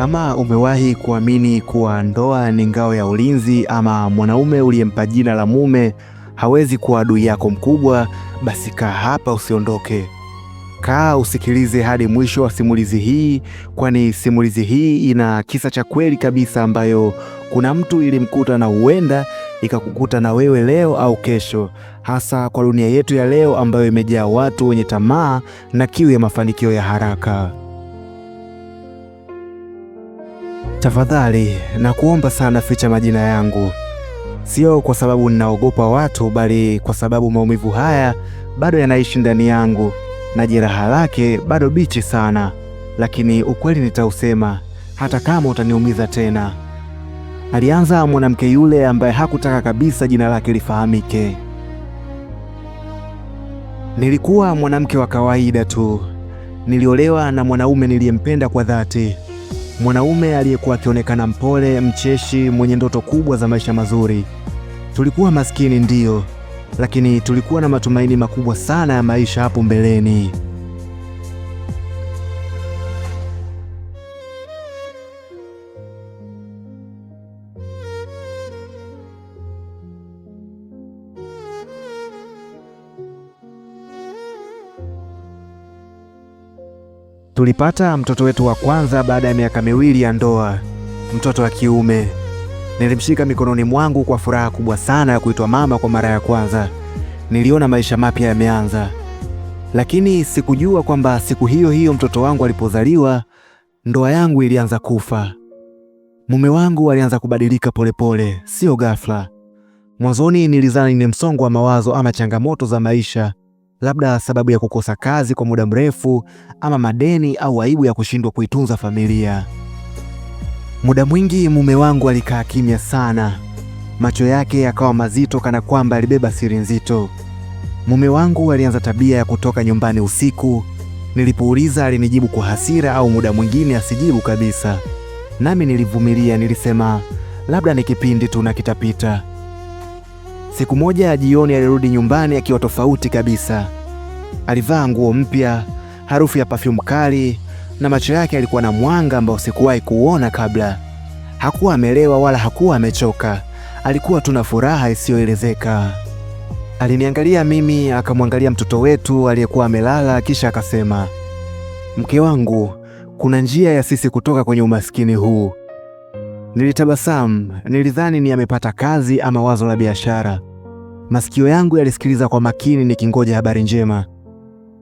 Kama umewahi kuamini kuwa ndoa ni ngao ya ulinzi ama mwanaume uliyempa jina la mume hawezi kuwa adui yako mkubwa, basi kaa hapa usiondoke. Kaa usikilize hadi mwisho wa simulizi hii, kwani simulizi hii ina kisa cha kweli kabisa, ambayo kuna mtu ilimkuta na huenda ikakukuta na wewe leo au kesho, hasa kwa dunia yetu ya leo ambayo imejaa watu wenye tamaa na kiu ya mafanikio ya haraka. Tafadhali nakuomba sana, ficha majina yangu, sio kwa sababu ninaogopa watu, bali kwa sababu maumivu haya bado yanaishi ndani yangu na jeraha lake bado bichi sana, lakini ukweli nitausema hata kama utaniumiza tena. Alianza mwanamke yule ambaye hakutaka kabisa jina lake lifahamike. Nilikuwa mwanamke wa kawaida tu, niliolewa na mwanaume niliyempenda kwa dhati mwanaume aliyekuwa akionekana mpole, mcheshi, mwenye ndoto kubwa za maisha mazuri. Tulikuwa maskini ndiyo, lakini tulikuwa na matumaini makubwa sana ya maisha hapo mbeleni. Tulipata mtoto wetu wa kwanza baada ya miaka miwili ya ndoa, mtoto wa kiume. Nilimshika mikononi mwangu kwa furaha kubwa sana ya kuitwa mama kwa mara ya kwanza. Niliona maisha mapya yameanza, lakini sikujua kwamba siku hiyo hiyo mtoto wangu alipozaliwa, ndoa yangu ilianza kufa. Mume wangu alianza kubadilika polepole, sio ghafla. Mwanzoni nilizani ni msongo wa mawazo ama changamoto za maisha, labda sababu ya kukosa kazi kwa muda mrefu, ama madeni au aibu ya kushindwa kuitunza familia. Muda mwingi mume wangu alikaa kimya sana, macho yake yakawa mazito, kana kwamba alibeba siri nzito. Mume wangu alianza tabia ya kutoka nyumbani usiku. Nilipouliza alinijibu kwa hasira, au muda mwingine asijibu kabisa. Nami nilivumilia, nilisema labda ni kipindi tu na kitapita. Siku moja jioni alirudi nyumbani akiwa tofauti kabisa. Alivaa nguo mpya, harufu ya pafyumu kali, na macho yake yalikuwa na mwanga ambao sikuwahi kuuona kabla. Hakuwa amelewa wala hakuwa amechoka, alikuwa tu na furaha isiyoelezeka. Aliniangalia mimi, akamwangalia mtoto wetu aliyekuwa amelala, kisha akasema, mke wangu, kuna njia ya sisi kutoka kwenye umaskini huu. Nilitabasamu, nilidhani ni amepata kazi ama wazo la biashara. Masikio yangu yalisikiliza kwa makini, nikingoja habari njema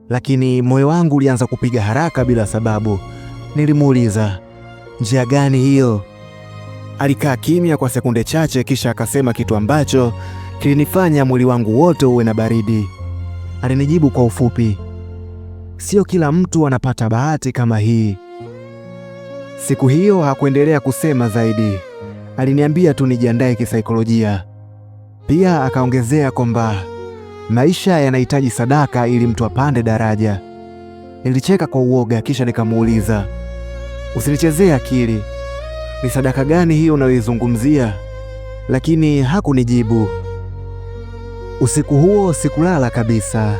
lakini moyo wangu ulianza kupiga haraka bila sababu. Nilimuuliza, njia gani hiyo? Alikaa kimya kwa sekunde chache, kisha akasema kitu ambacho kilinifanya mwili wangu wote uwe na baridi. Alinijibu kwa ufupi, sio kila mtu anapata bahati kama hii. Siku hiyo hakuendelea kusema zaidi, aliniambia tu nijiandae kisaikolojia. Pia akaongezea kwamba Maisha yanahitaji sadaka ili mtu apande daraja. Nilicheka kwa uoga, kisha nikamuuliza, usinichezee akili, ni sadaka gani hiyo unayoizungumzia? Lakini hakunijibu. Usiku huo sikulala kabisa.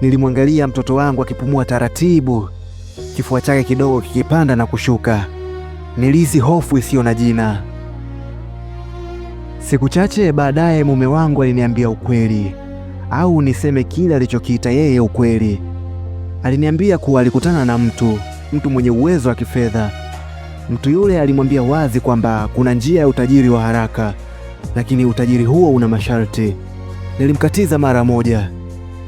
Nilimwangalia mtoto wangu akipumua taratibu, kifua chake kidogo kikipanda na kushuka. Nilihisi hofu isiyo na jina. Siku chache baadaye, mume wangu aliniambia ukweli au niseme kile alichokiita yeye ukweli. Aliniambia kuwa alikutana na mtu mtu mwenye uwezo wa kifedha. Mtu yule alimwambia wazi kwamba kuna njia ya utajiri wa haraka, lakini utajiri huo una masharti. Nilimkatiza mara moja.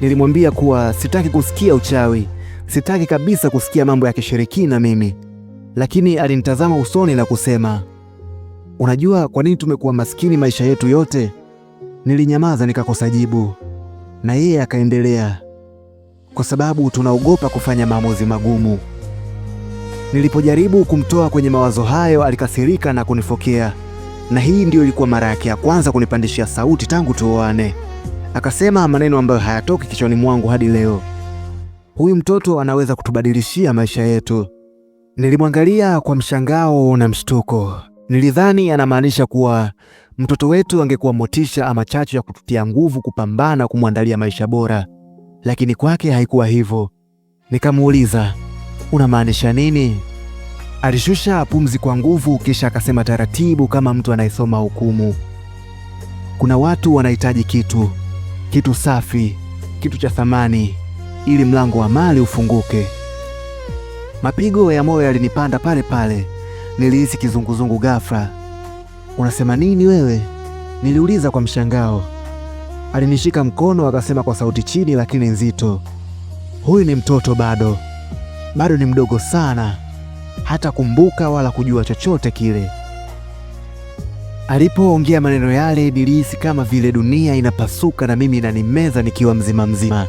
Nilimwambia kuwa sitaki kusikia uchawi, sitaki kabisa kusikia mambo ya kishirikina mimi. Lakini alinitazama usoni na kusema, unajua kwa nini tumekuwa maskini maisha yetu yote? Nilinyamaza nikakosa jibu na yeye akaendelea, kwa sababu tunaogopa kufanya maamuzi magumu. Nilipojaribu kumtoa kwenye mawazo hayo, alikasirika na kunifokea, na hii ndiyo ilikuwa mara yake ya kwanza kunipandishia sauti tangu tuoane. Akasema maneno ambayo hayatoki kichwani mwangu hadi leo. Huyu mtoto anaweza kutubadilishia maisha yetu. Nilimwangalia kwa mshangao na mshtuko. Nilidhani anamaanisha kuwa mtoto wetu angekuwa motisha ama chachu ya kututia nguvu kupambana kumwandalia maisha bora, lakini kwake haikuwa hivyo. Nikamuuliza, unamaanisha nini? Alishusha pumzi kwa nguvu, kisha akasema taratibu, kama mtu anayesoma hukumu. Kuna watu wanahitaji kitu, kitu safi, kitu cha thamani, ili mlango wa mali ufunguke. Mapigo ya moyo yalinipanda pale pale, nilihisi kizunguzungu ghafla Unasema nini wewe? Niliuliza kwa mshangao. Alinishika mkono akasema kwa sauti chini lakini nzito, huyu ni mtoto bado, bado ni mdogo sana, hata kumbuka wala kujua chochote kile. Alipoongea maneno yale, nilihisi kama vile dunia inapasuka na mimi inanimeza nikiwa mzima mzima.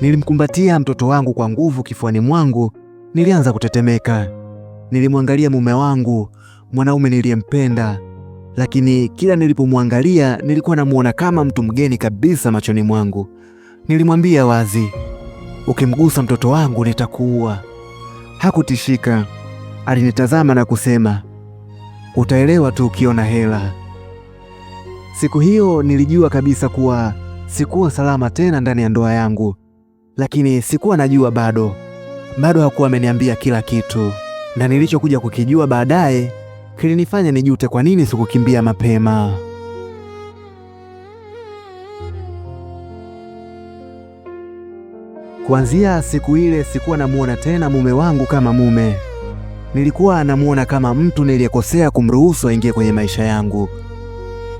Nilimkumbatia mtoto wangu kwa nguvu kifuani mwangu, nilianza kutetemeka. Nilimwangalia mume wangu, mwanaume niliyempenda lakini kila nilipomwangalia nilikuwa namuona kama mtu mgeni kabisa machoni mwangu. Nilimwambia wazi, ukimgusa mtoto wangu nitakuua. Hakutishika, alinitazama na kusema, utaelewa tu ukiona hela. Siku hiyo nilijua kabisa kuwa sikuwa salama tena ndani ya ndoa yangu, lakini sikuwa najua bado. Bado hakuwa ameniambia kila kitu, na nilichokuja kukijua baadaye kilinifanya nijute kwa nini sikukimbia mapema. Kuanzia siku ile sikuwa namuona tena mume wangu kama mume. Nilikuwa namuona kama mtu niliyekosea kumruhusu aingie kwenye maisha yangu.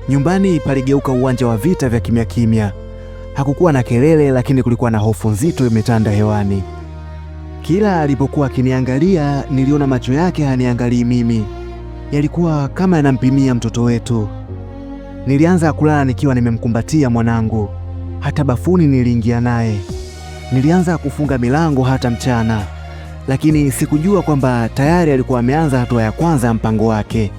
Nyumbani paligeuka uwanja wa vita vya kimya kimya. Hakukuwa na kelele, lakini kulikuwa na hofu nzito imetanda hewani. Kila alipokuwa akiniangalia, niliona macho yake haniangalii mimi, yalikuwa kama yanampimia mtoto wetu. Nilianza kulala nikiwa nimemkumbatia mwanangu, hata bafuni niliingia naye. Nilianza kufunga milango hata mchana, lakini sikujua kwamba tayari alikuwa ameanza hatua ya kwanza ya mpango wake.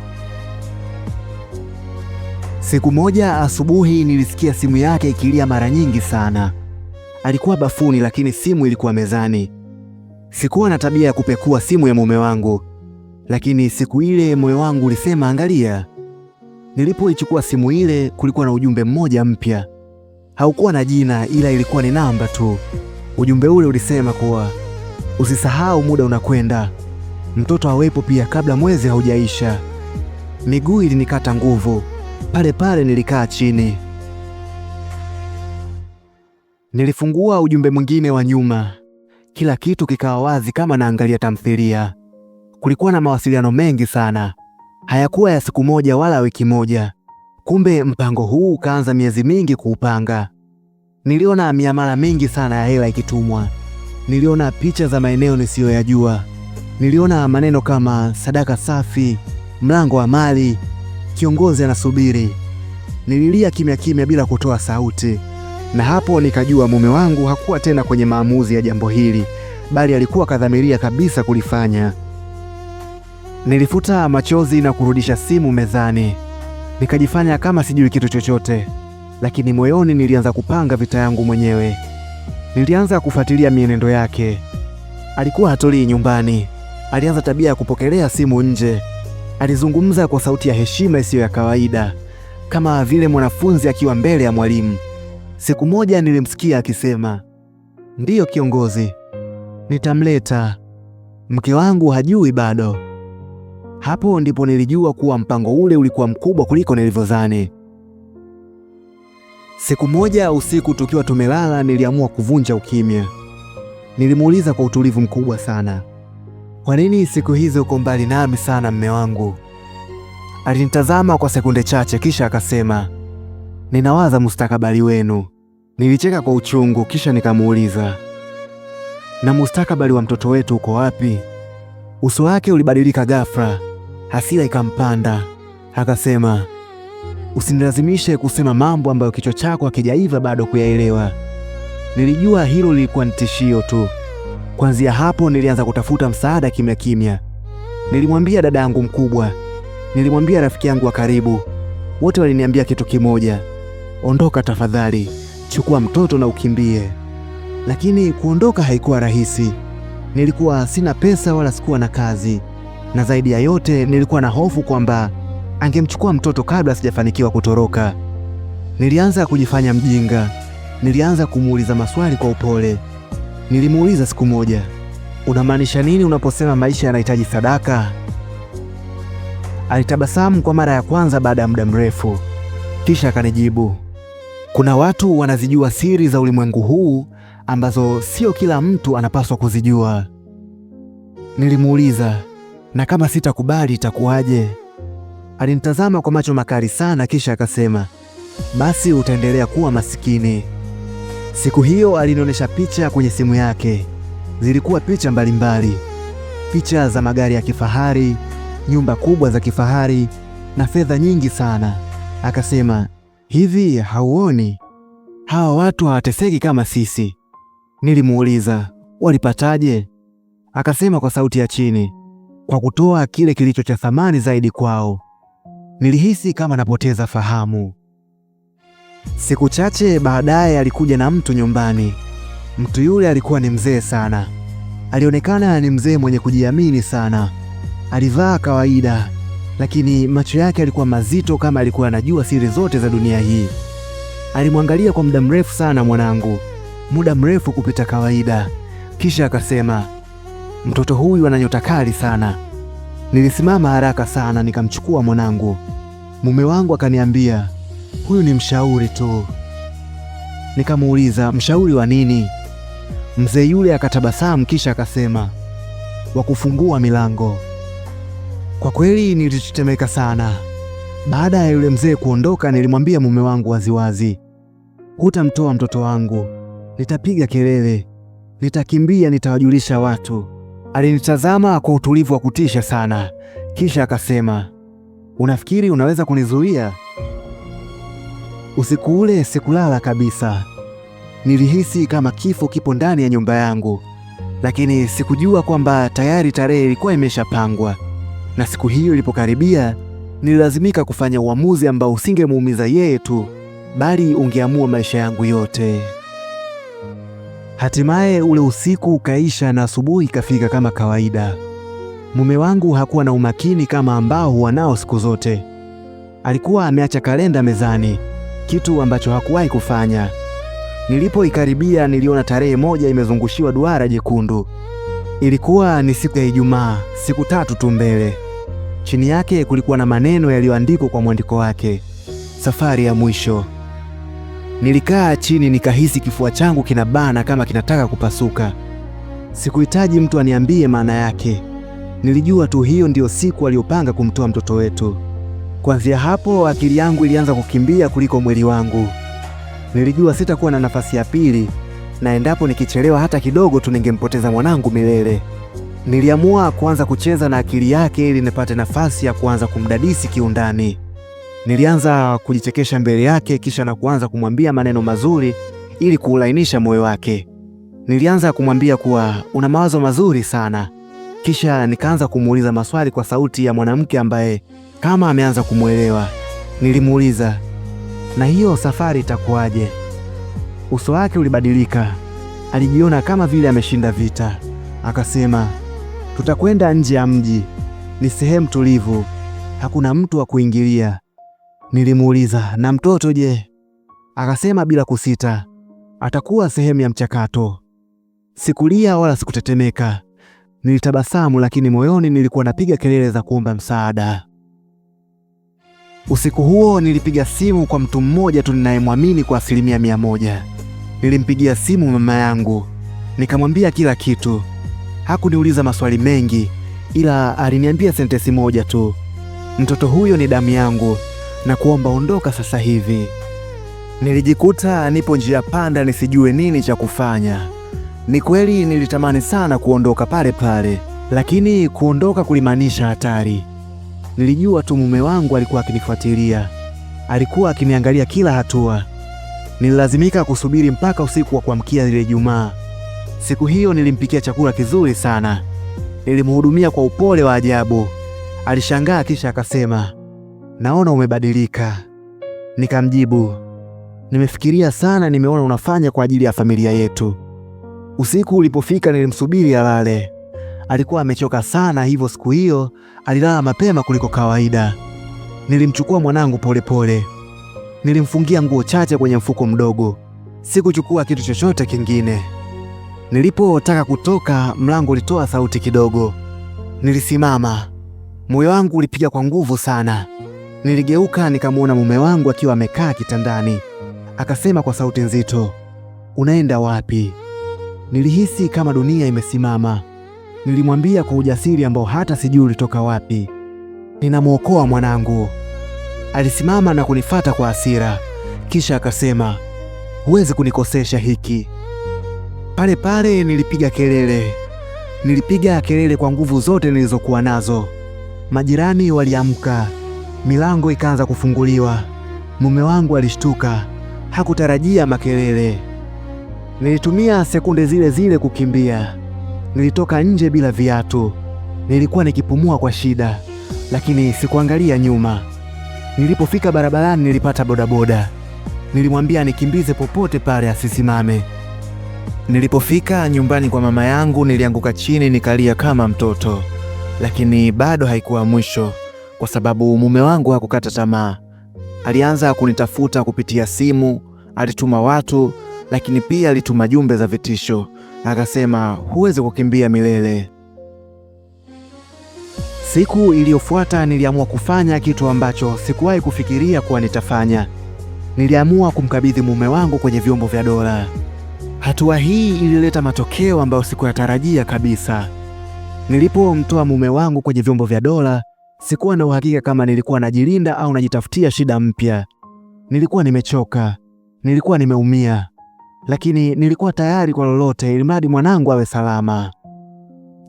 Siku moja asubuhi, nilisikia simu yake ikilia mara nyingi sana. Alikuwa bafuni, lakini simu ilikuwa mezani. Sikuwa na tabia ya kupekua simu ya mume wangu, lakini siku ile moyo wangu ulisema angalia. Nilipoichukua simu ile, kulikuwa na ujumbe mmoja mpya. Haukuwa na jina, ila ilikuwa ni namba tu. Ujumbe ule ulisema kuwa usisahau, muda unakwenda, mtoto awepo pia kabla mwezi haujaisha. Miguu ilinikata nguvu, pale pale nilikaa chini. Nilifungua ujumbe mwingine wa nyuma, kila kitu kikawa wazi kama naangalia tamthilia kulikuwa na mawasiliano mengi sana, hayakuwa ya siku moja wala wiki moja. Kumbe mpango huu ukaanza miezi mingi kuupanga. Niliona miamala mingi sana ya hela ikitumwa, niliona picha za maeneo nisiyoyajua, niliona maneno kama sadaka safi, mlango wa mali, kiongozi anasubiri. Nililia kimya kimya bila kutoa sauti, na hapo nikajua mume wangu hakuwa tena kwenye maamuzi ya jambo hili, bali alikuwa kadhamiria kabisa kulifanya. Nilifuta machozi na kurudisha simu mezani, nikajifanya kama sijui kitu chochote, lakini moyoni nilianza kupanga vita yangu mwenyewe. Nilianza kufuatilia mienendo yake. Alikuwa hatolii nyumbani, alianza tabia ya kupokelea simu nje. Alizungumza kwa sauti ya heshima isiyo ya kawaida, kama vile mwanafunzi akiwa mbele ya mwalimu. Siku moja nilimsikia akisema, ndiyo kiongozi, nitamleta mke wangu, hajui bado. Hapo ndipo nilijua kuwa mpango ule ulikuwa mkubwa kuliko nilivyodhani. Siku moja usiku, tukiwa tumelala, niliamua kuvunja ukimya. Nilimuuliza kwa utulivu mkubwa sana, kwa nini siku hizi uko mbali nami sana, mme wangu? Alinitazama kwa sekunde chache, kisha akasema, ninawaza mustakabali wenu. Nilicheka kwa uchungu, kisha nikamuuliza, na mustakabali wa mtoto wetu uko wapi? Uso wake ulibadilika ghafla, Hasira ikampanda akasema, usinilazimishe kusema mambo ambayo kichwa chako hakijaiva bado kuyaelewa. Nilijua hilo lilikuwa ni tishio tu. Kuanzia hapo nilianza kutafuta msaada kimya kimya. Nilimwambia dada yangu mkubwa, nilimwambia rafiki yangu wa karibu, wote waliniambia kitu kimoja: ondoka tafadhali, chukua mtoto na ukimbie. Lakini kuondoka haikuwa rahisi. Nilikuwa sina pesa wala sikuwa na kazi na zaidi ya yote nilikuwa na hofu kwamba angemchukua mtoto kabla sijafanikiwa kutoroka. Nilianza kujifanya mjinga, nilianza kumuuliza maswali kwa upole. Nilimuuliza siku moja, unamaanisha nini unaposema maisha yanahitaji sadaka? Alitabasamu kwa mara ya kwanza baada ya muda mrefu, kisha akanijibu, kuna watu wanazijua siri za ulimwengu huu ambazo sio kila mtu anapaswa kuzijua. Nilimuuliza, na kama sitakubali itakuwaje? Alinitazama kwa macho makali sana, kisha akasema, basi utaendelea kuwa masikini. Siku hiyo alinionyesha picha kwenye simu yake. Zilikuwa picha mbalimbali mbali. Picha za magari ya kifahari, nyumba kubwa za kifahari na fedha nyingi sana. Akasema, hivi hauoni hawa watu hawateseki kama sisi? Nilimuuliza, walipataje? Akasema kwa sauti ya chini, kwa kutoa kile kilicho cha thamani zaidi kwao. Nilihisi kama napoteza fahamu. Siku chache baadaye alikuja na mtu nyumbani. Mtu yule alikuwa ni mzee sana, alionekana ni mzee mwenye kujiamini sana. Alivaa kawaida, lakini macho yake alikuwa mazito, kama alikuwa anajua siri zote za dunia hii. Alimwangalia kwa muda mrefu sana mwanangu, muda mrefu kupita kawaida, kisha akasema, mtoto huyu ana nyota kali sana. Nilisimama haraka sana nikamchukua mwanangu. Mume wangu akaniambia huyu ni mshauri tu. Nikamuuliza mshauri wa nini? Mzee yule akatabasamu kisha akasema wa kufungua milango. Kwa kweli nilitetemeka sana. Baada ya yule mzee kuondoka, nilimwambia mume wangu waziwazi, hutamtoa mtoto wangu, nitapiga kelele, nitakimbia, nitawajulisha watu. Alinitazama kwa utulivu wa kutisha sana, kisha akasema, unafikiri unaweza kunizuia? Usiku ule sikulala kabisa. Nilihisi kama kifo kipo ndani ya nyumba yangu, lakini sikujua kwamba tayari tarehe ilikuwa imeshapangwa, na siku hiyo ilipokaribia, nililazimika kufanya uamuzi ambao usingemuumiza yeye tu, bali ungeamua maisha yangu yote. Hatimaye ule usiku ukaisha na asubuhi ikafika kama kawaida. Mume wangu hakuwa na umakini kama ambao huwa nao siku zote. Alikuwa ameacha kalenda mezani, kitu ambacho hakuwahi kufanya. Nilipoikaribia niliona tarehe moja imezungushiwa duara jekundu. Ilikuwa ni siku ya Ijumaa, siku tatu tu mbele. Chini yake kulikuwa na maneno yaliyoandikwa kwa mwandiko wake: safari ya mwisho. Nilikaa chini nikahisi kifua changu kinabana kama kinataka kupasuka. Sikuhitaji mtu aniambie maana yake, nilijua tu hiyo ndiyo siku aliyopanga kumtoa mtoto wetu. Kuanzia hapo akili yangu ilianza kukimbia kuliko mwili wangu. Nilijua sitakuwa na nafasi ya pili, na endapo nikichelewa hata kidogo tu ningempoteza mwanangu milele. Niliamua kuanza kucheza na akili yake ili nipate nafasi ya kuanza kumdadisi kiundani. Nilianza kujichekesha mbele yake, kisha na kuanza kumwambia maneno mazuri ili kuulainisha moyo wake. Nilianza kumwambia kuwa una mawazo mazuri sana, kisha nikaanza kumuuliza maswali kwa sauti ya mwanamke ambaye kama ameanza kumwelewa. Nilimuuliza, na hiyo safari itakuwaje? Uso wake ulibadilika, alijiona kama vile ameshinda vita. Akasema, tutakwenda nje ya mji, ni sehemu tulivu, hakuna mtu wa kuingilia. Nilimuuliza, na mtoto je? Akasema bila kusita, atakuwa sehemu ya mchakato. Sikulia wala sikutetemeka. Nilitabasamu, lakini moyoni nilikuwa napiga kelele za kuomba msaada. Usiku huo nilipiga simu kwa mtu mmoja tu ninayemwamini kwa asilimia mia moja. Nilimpigia simu mama yangu, nikamwambia kila kitu. Hakuniuliza maswali mengi, ila aliniambia sentesi moja tu, mtoto huyo ni damu yangu na kuomba ondoka sasa hivi. Nilijikuta nipo njia panda, nisijue nini cha kufanya. Ni kweli nilitamani sana kuondoka pale pale, lakini kuondoka kulimaanisha hatari. Nilijua tu mume wangu alikuwa akinifuatilia, alikuwa akiniangalia kila hatua. Nililazimika kusubiri mpaka usiku wa kuamkia lile jumaa Siku hiyo nilimpikia chakula kizuri sana, nilimhudumia kwa upole wa ajabu. Alishangaa kisha akasema, naona umebadilika. Nikamjibu, nimefikiria sana, nimeona unafanya kwa ajili ya familia yetu. Usiku ulipofika, nilimsubiri alale. Alikuwa amechoka sana, hivyo siku hiyo alilala mapema kuliko kawaida. Nilimchukua mwanangu polepole pole. Nilimfungia nguo chache kwenye mfuko mdogo, sikuchukua kitu chochote kingine. Nilipotaka kutoka, mlango ulitoa sauti kidogo. Nilisimama, moyo wangu ulipiga kwa nguvu sana. Niligeuka nikamwona mume wangu akiwa amekaa kitandani. Akasema kwa sauti nzito, unaenda wapi? Nilihisi kama dunia imesimama. Nilimwambia kwa ujasiri ambao hata sijui ulitoka wapi, ninamwokoa mwanangu. Alisimama na kunifata kwa hasira, kisha akasema, huwezi kunikosesha hiki. Pale pale nilipiga kelele, nilipiga kelele kwa nguvu zote nilizokuwa nazo. Majirani waliamka, Milango ikaanza kufunguliwa. Mume wangu alishtuka, hakutarajia makelele. Nilitumia sekunde zile zile kukimbia. Nilitoka nje bila viatu, nilikuwa nikipumua kwa shida, lakini sikuangalia nyuma. Nilipofika barabarani, nilipata bodaboda. Nilimwambia nikimbize popote pale, asisimame. Nilipofika nyumbani kwa mama yangu, nilianguka chini nikalia kama mtoto, lakini bado haikuwa mwisho kwa sababu mume wangu hakukata tamaa. Alianza kunitafuta kupitia simu, alituma watu, lakini pia alituma jumbe za vitisho. Akasema huwezi kukimbia milele. Siku iliyofuata niliamua kufanya kitu ambacho sikuwahi kufikiria kuwa nitafanya. Niliamua kumkabidhi mume wangu kwenye vyombo vya dola. Hatua hii ilileta matokeo ambayo sikuyatarajia kabisa. Nilipomtoa mume wangu kwenye vyombo vya dola, Sikuwa na uhakika kama nilikuwa najilinda au najitafutia shida mpya. Nilikuwa nimechoka, nilikuwa nimeumia, lakini nilikuwa tayari kwa lolote, ili mradi mwanangu awe salama.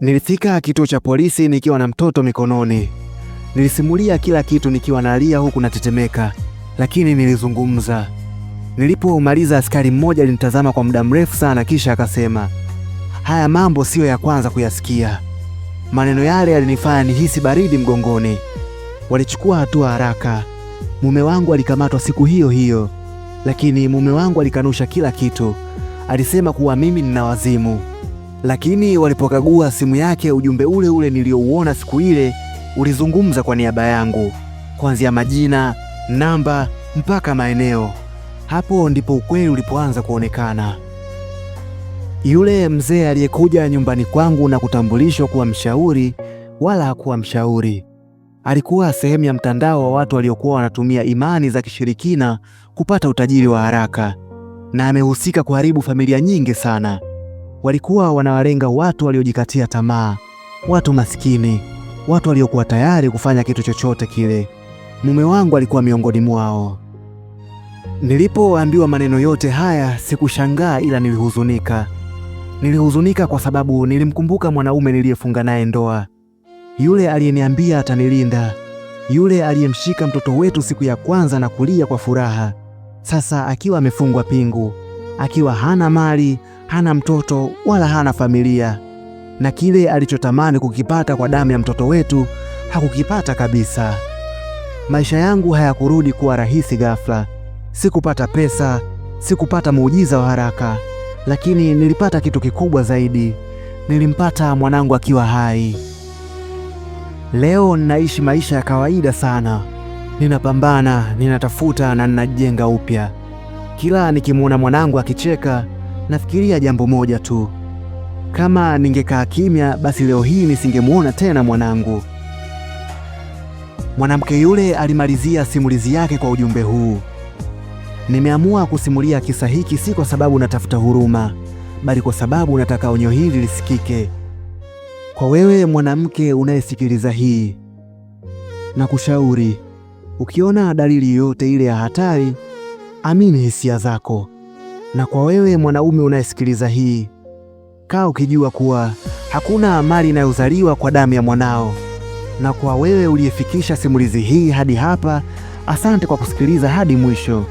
Nilifika kituo cha polisi nikiwa na mtoto mikononi. Nilisimulia kila kitu nikiwa nalia huku natetemeka, lakini nilizungumza. Nilipomaliza, askari mmoja alinitazama kwa muda mrefu sana, kisha akasema, haya mambo siyo ya kwanza kuyasikia. Maneno yale yalinifanya nihisi baridi mgongoni. Walichukua hatua haraka. Mume wangu alikamatwa siku hiyo hiyo, lakini mume wangu alikanusha kila kitu. Alisema kuwa mimi nina wazimu, lakini walipokagua simu yake, ujumbe ule ule niliouona siku ile ulizungumza kwa niaba yangu, kuanzia majina, namba mpaka maeneo. Hapo ndipo ukweli ulipoanza kuonekana. Yule mzee aliyekuja nyumbani kwangu na kutambulishwa kuwa mshauri, wala hakuwa mshauri. Alikuwa sehemu ya mtandao wa watu waliokuwa wanatumia imani za kishirikina kupata utajiri wa haraka, na amehusika kuharibu familia nyingi sana. Walikuwa wanawalenga watu waliojikatia tamaa, watu masikini watu waliokuwa tayari kufanya kitu chochote kile. Mume wangu alikuwa miongoni mwao. Nilipoambiwa maneno yote haya, sikushangaa ila nilihuzunika. Nilihuzunika kwa sababu nilimkumbuka mwanaume niliyefunga naye ndoa, yule aliyeniambia atanilinda, yule aliyemshika mtoto wetu siku ya kwanza na kulia kwa furaha. Sasa akiwa amefungwa pingu, akiwa hana mali, hana mtoto wala hana familia, na kile alichotamani kukipata kwa damu ya mtoto wetu hakukipata kabisa. Maisha yangu hayakurudi kuwa rahisi ghafla. Sikupata pesa, sikupata muujiza wa haraka lakini nilipata kitu kikubwa zaidi. Nilimpata mwanangu akiwa hai. Leo ninaishi maisha ya kawaida sana, ninapambana, ninatafuta na ninajenga upya. Kila nikimwona mwanangu akicheka, nafikiria jambo moja tu, kama ningekaa kimya, basi leo hii nisingemwona tena mwanangu. Mwanamke yule alimalizia simulizi yake kwa ujumbe huu. Nimeamua kusimulia kisa hiki si kwa sababu natafuta huruma, bali kwa sababu nataka onyo hili lisikike. Kwa wewe mwanamke unayesikiliza hii, nakushauri ukiona dalili yoyote ile ya hatari, amini hisia zako. Na kwa wewe mwanaume unayesikiliza hii, kaa ukijua kuwa hakuna mali inayozaliwa kwa damu ya mwanao. Na kwa wewe uliyefikisha simulizi hii hadi hapa, asante kwa kusikiliza hadi mwisho.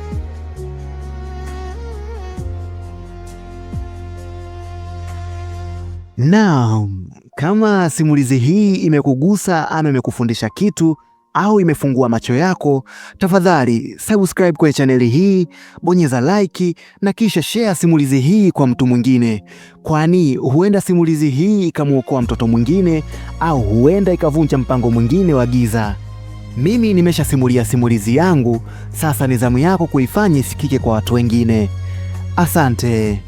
Naam, kama simulizi hii imekugusa ama imekufundisha kitu au imefungua macho yako, tafadhali subscribe kwenye chaneli hii, bonyeza like na kisha share simulizi hii kwa mtu mwingine, kwani huenda simulizi hii ikamwokoa mtoto mwingine au huenda ikavunja mpango mwingine wa giza. Mimi nimeshasimulia simulizi yangu, sasa ni zamu yako kuifanya isikike kwa watu wengine. Asante.